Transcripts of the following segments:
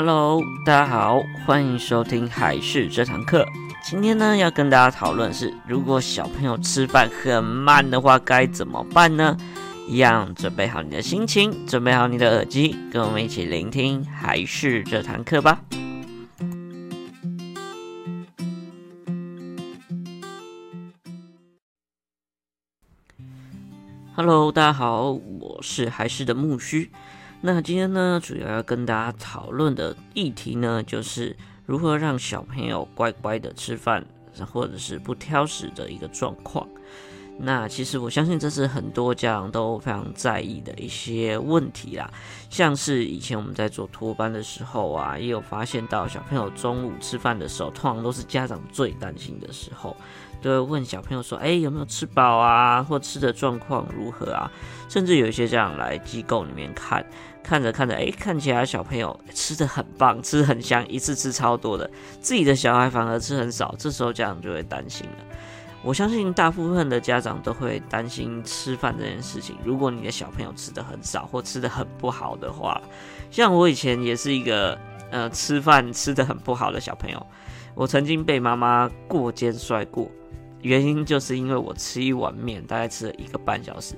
Hello，大家好，歡迎收聽海事這堂課。今天呢，要跟大家討論是，如果小朋友吃飯很慢的話，該怎麼辦呢？一樣準備好你的心情，準備好你的耳機，跟我們一起聆聽海事這堂課吧。Hello，大家好，我是海事的木須。那今天呢，主要要跟大家討論的議題呢，就是如何讓小朋友乖乖的吃飯，或者是不挑食的一個狀況。那其實我相信這是很多家長都非常在意的一些問題啦，像是以前我們在做托班的時候啊，也有發現到小朋友中午吃飯的時候，通常都是家長最擔心的時候，都會問小朋友說：“哎，有沒有吃飽啊？或吃的狀況如何啊？”甚至有一些家長來機構裡面看，看着看着，哎，看起來小朋友吃得很棒，吃很香，一次吃超多的，自己的小孩反而吃很少，這時候家長就會擔心了。我相信大部分的家長都會擔心吃飯這件事情。如果你的小朋友吃的很少或吃的很不好的話，像我以前也是一個呃吃飯吃的很不好的小朋友，我曾經被媽媽過肩摔過，原因就是因為我吃一碗麵大概吃了一個半小時。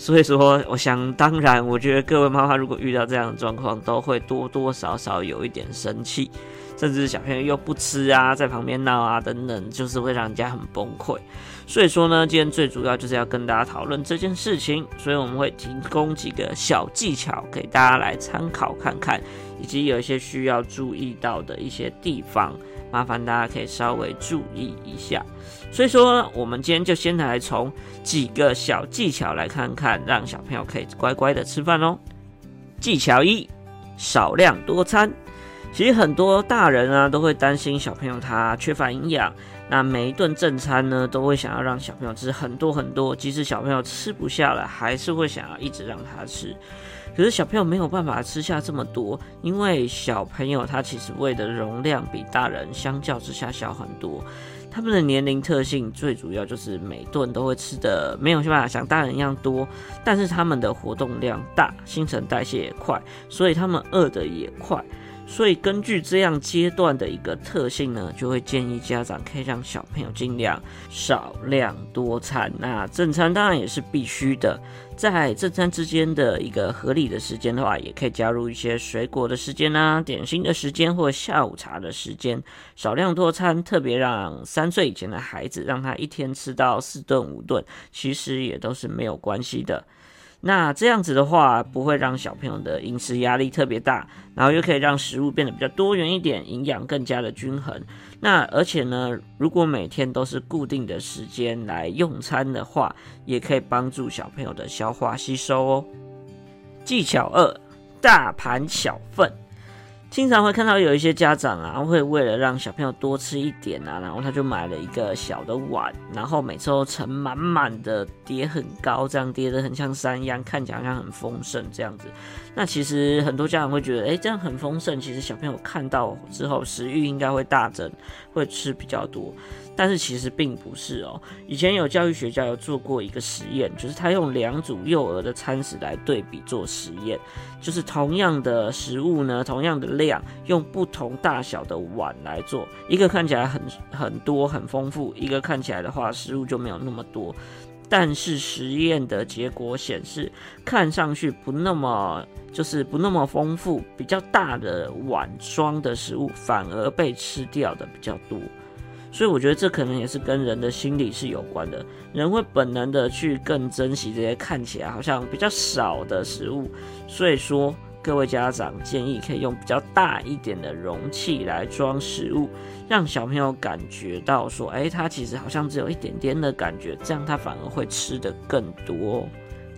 所以說，我想當然，我覺得各位媽媽如果遇到這樣的狀況，都會多多少少有一點生氣，甚至小朋友又不吃啊，在旁邊鬧啊等等，就是會讓人家很崩潰。所以說呢，今天最主要就是要跟大家討論這件事情，所以我們會提供幾個小技巧給大家來參考看看，以及有一些需要注意到的一些地方。麻煩大家可以稍微注意一下，所以說呢，我們今天就先來從幾個小技巧來看看，讓小朋友可以乖乖的吃飯哦。技巧一：少量多餐。其實很多大人啊，都會擔心小朋友他缺乏營養。那每一頓正餐呢，都會想要讓小朋友吃很多很多，即使小朋友吃不下了，還是會想要一直讓他吃。可是小朋友沒有辦法吃下這麼多，因為小朋友他其實胃的容量比大人相較之下小很多。他們的年齡特性最主要就是每頓都會吃的沒有辦法像大人一樣多，但是他們的活動量大，新陳代謝也快，所以他們餓的也快。所以根據這樣階段的一個特性呢，就會建議家長可以讓小朋友儘量少量多餐。那正餐當然也是必須的，在正餐之間的一個合理的時間的話，也可以加入一些水果的時間啦、點心的時間或者下午茶的時間。少量多餐，特別讓三歲以前的孩子讓他一天吃到四頓五頓，其實也都是沒有關係的。那這樣子的話，不會讓小朋友的飲食壓力特別大，然後又可以讓食物變得比較多元一點，營養更加的均衡。那而且呢，如果每天都是固定的時間來用餐的話，也可以幫助小朋友的消化吸收哦。技巧二，大盤小份。經常會看到有一些家長啊，會為了讓小朋友多吃一點啊，然後他就買了一個小的碗，然後每次都盛滿滿的，疊很高，這樣疊得很像山一樣，看起來好像很豐盛這樣子。那其實很多家長會覺得，誒，這樣很豐盛，其實小朋友看到之後食慾應該會大增，會吃比較多。但是其實並不是哦。以前有教育學家有做過一個實驗，就是他用兩組幼兒的餐食來對比做實驗，就是同樣的食物呢，同樣的量，用不同大小的碗來做，一個看起來很很多很豐富，一個看起來的話食物就沒有那麼多。但是實驗的結果顯示，看上去不那麼就是不那麼豐富，比較大的碗裝的食物反而被吃掉的比較多，所以我覺得這可能也是跟人的心理是有關的，人會本能的去更珍惜這些看起來好像比較少的食物，所以說。各位家長建議可以用比較大一點的容器來裝食物，讓小朋友感覺到說，哎、欸，他其實好像只有一點點的感覺，這樣他反而會吃得更多。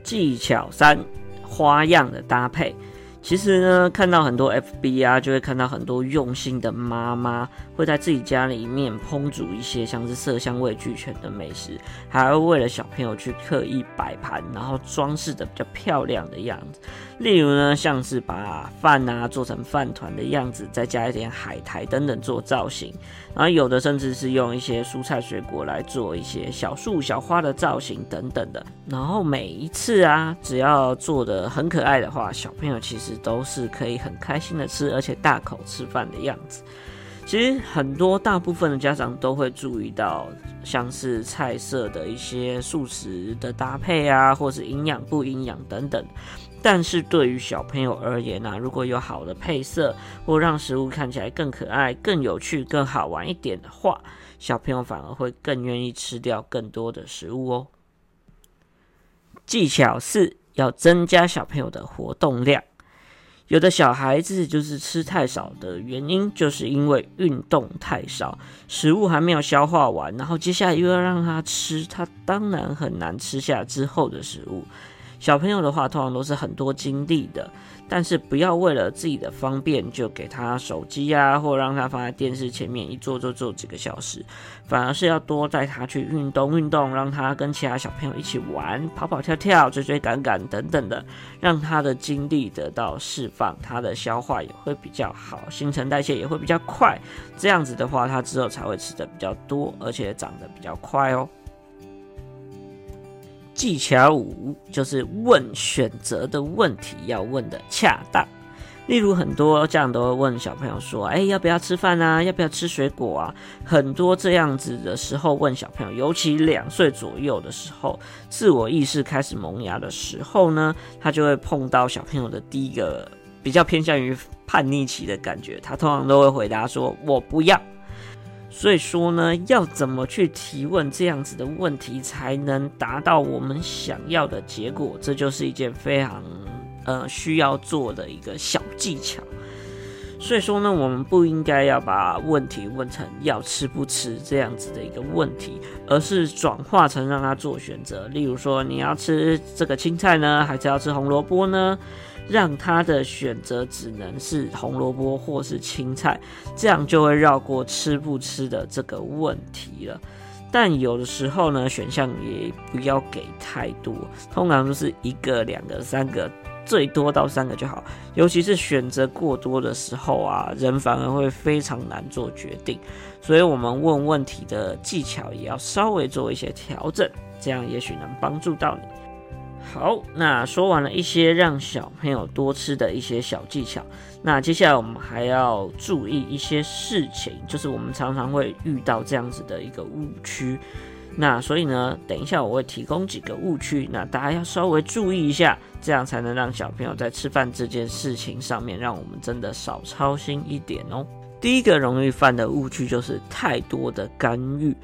技巧三，花樣的搭配。其實呢，看到很多 FB 啊，就會看到很多用心的媽媽會在自己家裡面烹煮一些像是色香味俱全的美食，還會為了小朋友去刻意擺盤，然後裝飾的比較漂亮的樣子。例如呢，像是把飯啊做成飯糰的樣子，再加一點海苔等等做造型，然後有的甚至是用一些蔬菜水果來做一些小樹、小花的造型等等的。然後每一次啊，只要做的很可愛的話，小朋友其實，都是可以很開心的吃，而且大口吃飯的樣子。其實很多大部分的家長都會注意到，像是菜色的一些素食的搭配啊，或是營養不營養等等。但是對於小朋友而言呢、啊，如果有好的配色，或讓食物看起來更可愛、更有趣、更好玩一點的話，小朋友反而會更願意吃掉更多的食物哦。技巧四，要增加小朋友的活動量。有的小孩子就是吃太少的原因，就是因為運動太少，食物還沒有消化完，然後接下來又要讓他吃，他當然很難吃下之後的食物。小朋友的話，通常都是很多精力的，但是不要為了自己的方便就給他手機啊，或讓他放在電視前面一坐坐坐幾個小時，反而是要多帶他去運動運動，讓他跟其他小朋友一起玩，跑跑跳跳，追追趕趕等等的，讓他的精力得到釋放，他的消化也會比較好，新陳代謝也會比較快，這樣子的話，他之後才會吃得比較多，而且長得比較快哦。技巧五就是問選擇的問題要問得恰當，例如很多家長都會問小朋友說：“哎、欸，要不要吃飯啊？要不要吃水果啊？”很多這樣子的時候問小朋友，尤其兩歲左右的時候，自我意識開始萌芽的時候呢，他就會碰到小朋友的第一個比較偏向於叛逆期的感覺，他通常都會回答說：“我不要。”所以說呢，要怎麼去提問這樣子的問題，才能達到我們想要的結果？這就是一件非常，呃，需要做的一個小技巧。所以說呢，我們不應該要把問題問成要吃不吃這樣子的一個問題，而是轉化成讓他做選擇。例如說，你要吃這個青菜呢，還是要吃紅蘿蔔呢？讓他的選擇只能是紅蘿蔔或是青菜，這樣就會繞過吃不吃的這個問題了。但有的時候呢，選項也不要給太多，通常都是一個、兩個、三個，最多到三個就好。尤其是選擇過多的時候啊，人反而會非常難做決定。所以我們問問題的技巧也要稍微做一些調整，這樣也許能幫助到你。好，那說完了一些讓小朋友多吃的一些小技巧，那接下來我們還要注意一些事情，就是我們常常會遇到這樣子的一個誤區。那所以呢，等一下我會提供幾個誤區，那大家要稍微注意一下，這樣才能讓小朋友在吃飯這件事情上面，讓我們真的少操心一點哦、喔。第一個容易犯的誤區就是太多的干預。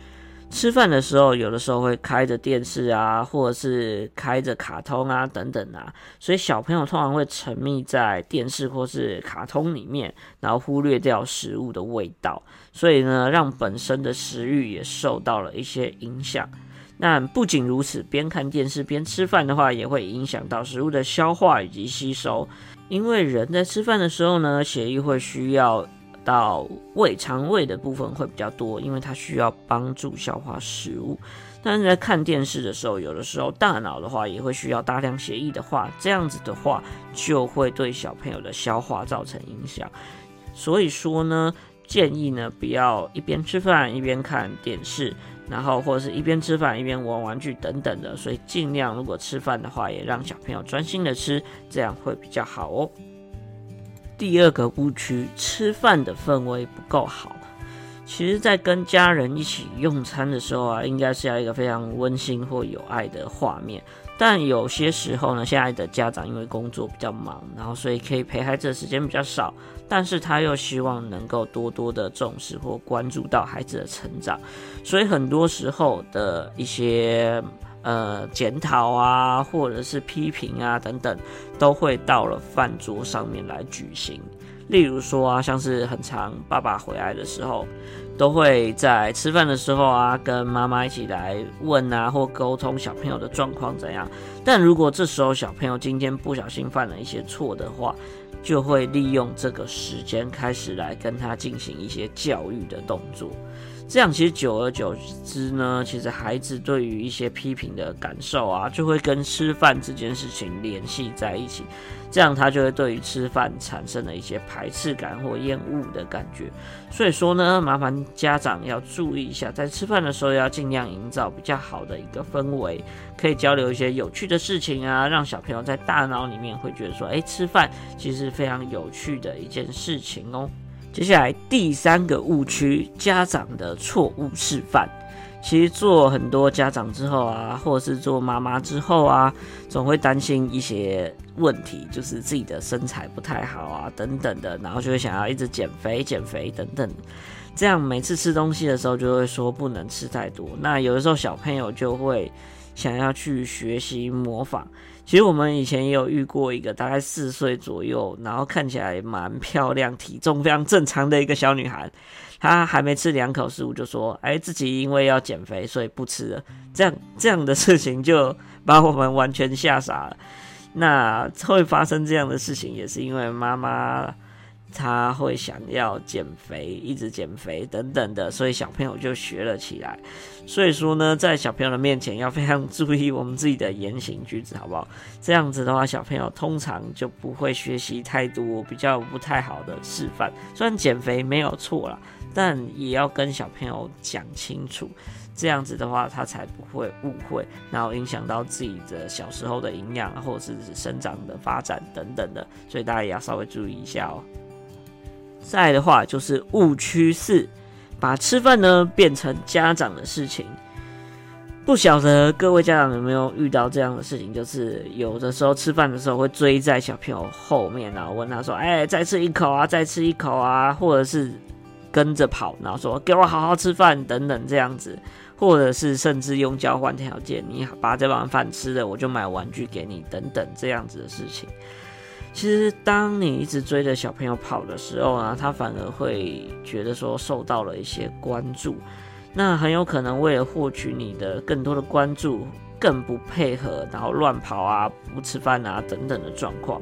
吃飯的時候，有的時候會開着電視啊，或者是開着卡通啊，等等啊，所以小朋友通常會沉迷在電視或是卡通裡面，然後忽略掉食物的味道，所以呢，讓本身的食慾也受到了一些影響。但不僅如此，邊看電視邊吃飯的話，也會影響到食物的消化以及吸收，因為人在吃飯的時候呢，血液會需要。到胃腸胃的部分會比較多，因為它需要幫助消化食物。但是在看電視的時候，有的時候大腦的話也會需要大量血液的話，這樣子的話就會對小朋友的消化造成影響。所以說呢，建議呢，不要一邊吃飯一邊看電視，然後或者是一邊吃飯一邊玩玩具等等的。所以盡量如果吃飯的話，也讓小朋友專心的吃，這樣會比較好哦。第二個誤區，吃飯的氛圍不夠好。其實，在跟家人一起用餐的時候啊，應該是要一個非常溫馨或有愛的畫面。但有些時候呢，現在的家長因為工作比較忙，然後所以可以陪孩子的時間比較少，但是他又希望能夠多多的重視或關注到孩子的成長，所以很多時候的一些。呃，檢討啊，或者是批評啊，等等，都會到了飯桌上面來舉行。例如說啊，像是很常，爸爸回來的時候，都會在吃飯的時候啊，跟媽媽一起來問啊，或溝通小朋友的狀況怎樣？但如果這時候小朋友今天不小心犯了一些錯的話，就會利用這個時間開始來跟他進行一些教育的動作。這樣其實久而久之呢，其實孩子對於一些批評的感受啊，就會跟吃飯這件事情聯繫在一起，這樣他就會對於吃飯產生了一些排斥感或厭惡的感覺。所以說呢，麻煩家長要注意一下，在吃飯的時候要盡量營造比較好的一個氛圍，可以交流一些有趣的事情啊，讓小朋友在大腦裡面會覺得說，誒，吃飯其實是非常有趣的一件事情哦。接下來第三個誤區，家長的錯誤示範。其實做很多家長之後啊，或者是做媽媽之後啊，總會擔心一些問題，就是自己的身材不太好啊等等的，然後就會想要一直減肥、減肥等等。這樣每次吃東西的時候，就會說不能吃太多。那有的時候小朋友就會……想要去學習模仿，其實我們以前也有遇過一個大概四歲左右，然後看起來蠻漂亮，體重非常正常的一個小女孩，她還沒吃兩口食物就說：“哎、欸，自己因為要減肥，所以不吃了。”這樣這樣的事情就把我們完全嚇傻了。那會發生這樣的事情，也是因為媽媽。他會想要減肥，一直減肥等等的，所以小朋友就學了起來。所以說呢，在小朋友的面前要非常注意我們自己的言行舉止，好不好？這樣子的話，小朋友通常就不會學習太多比較不太好的示範。雖然減肥沒有錯啦，但也要跟小朋友講清楚，這樣子的話他才不會誤會，然後影響到自己的小時候的營養或者是生長的發展等等的。所以大家也要稍微注意一下哦、喔。再的話，就是誤區四，把吃飯呢變成家長的事情。不曉得各位家長有沒有遇到這樣的事情，就是有的時候吃飯的時候會追在小朋友後面然後問他說：“哎、欸，再吃一口啊，再吃一口啊！”或者是跟着跑，然後說：“給我好好吃飯，等等這樣子。”或者是甚至用交換條件，你把這碗飯吃了，我就買玩具給你，等等這樣子的事情。其實，當你一直追着小朋友跑的時候呢啊，他反而會覺得說受到了一些關注，那很有可能為了獲取你的更多的關注，更不配合，然後亂跑啊、不吃飯啊等等的狀況。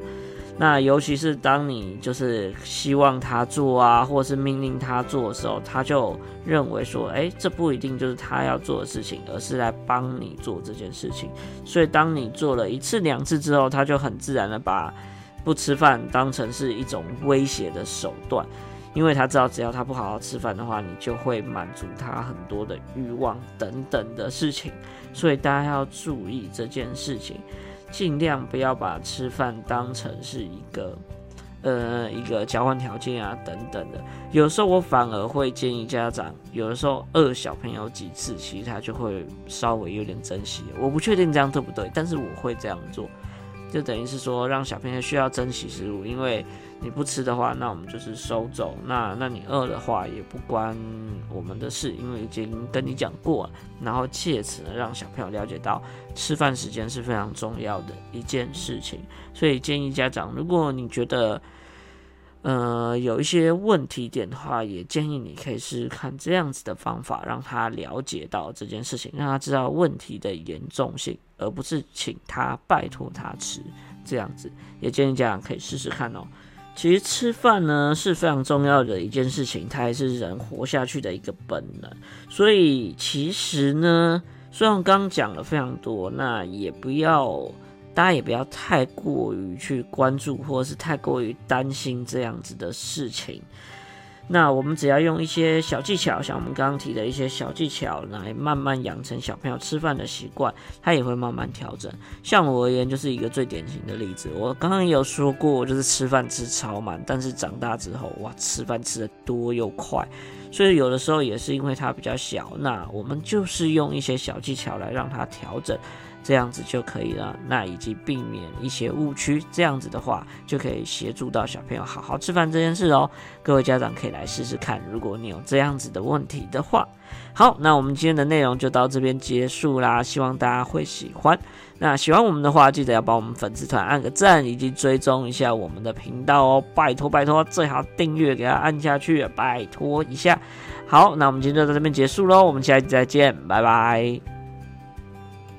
那尤其是當你就是希望他做啊，或是命令他做的時候，他就認為說，誒，這不一定就是他要做的事情，而是來幫你做這件事情。所以，當你做了一次、兩次之後，他就很自然的把。不吃飯當成是一種威脅的手段，因為他知道只要他不好好吃飯的話，你就會滿足他很多的慾望等等的事情，所以大家要注意這件事情，盡量不要把吃飯當成是一個，呃，一個交換條件啊等等的。有的時候我反而會建議家長，有的時候餓小朋友幾次，其實他就會稍微有點珍惜。我不確定這樣對不對，但是我會這樣做。就等於是說，讓小朋友需要珍惜食物，因為你不吃的話，那我們就是收走。那那你餓的話，也不關我們的事，因為已經跟你講過了。然後借此呢，讓小朋友了解到，吃飯時間是非常重要的一件事情。所以建議家長，如果你覺得，呃，有一些問題點的話，也建議你可以試試看這樣子的方法，讓他了解到這件事情，讓他知道問題的嚴重性，而不是請他拜托他吃這樣子。也建議家長可以試試看哦、喔。其實吃飯呢，是非常重要的一件事情，它也是人活下去的一個本能。所以其實呢，雖然我剛剛講了非常多，那也不要。大家也不要太過於去關注，或者是太過於擔心這樣子的事情。那我們只要用一些小技巧，像我們剛剛提的一些小技巧，來慢慢養成小朋友吃飯的習慣，他也會慢慢調整。像我而言，就是一個最典型的例子。我剛剛也有說過，就是吃飯吃超慢，但是長大之後，哇，吃飯吃得多又快。所以有的時候也是因為他比較小，那我們就是用一些小技巧來讓他調整。這樣子就可以了，那以及避免一些誤區，這樣子的話就可以協助到小朋友好好吃飯這件事哦。各位家長可以來試試看，如果你有這樣子的問題的話，好，那我們今天的內容就到這邊結束啦，希望大家會喜歡。那喜歡我們的話，記得要幫我們粉絲團按個讚，以及追蹤一下我們的頻道哦，拜託拜託，最好訂閱給他按下去，拜託一下。好，那我們今天就到這邊結束嘍，我們下期再見，拜拜。